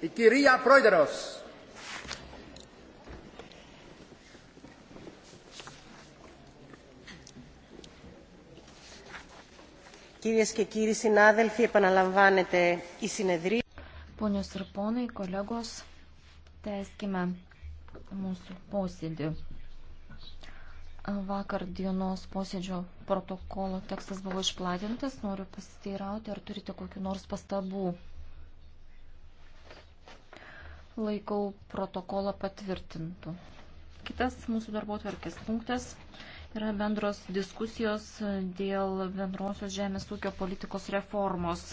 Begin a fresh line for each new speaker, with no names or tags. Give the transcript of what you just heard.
Η κυρία Πρόεδρος.
Κυρίες και κύριοι συνάδελφοι,
επαναλαμβάνεται η συνεδρία. Ponios ir ponai, kolegos,
tęskime mūsų posėdį. Vakar dienos posėdžio protokolo tekstas buvo išplatintas. Noriu pasiteirauti, ar turite kokiu nors pastabų laikau protokolą patvirtintų. Kitas mūsų darbo tvarkės punktas yra bendros diskusijos dėl bendrosios žemės ūkio politikos reformos.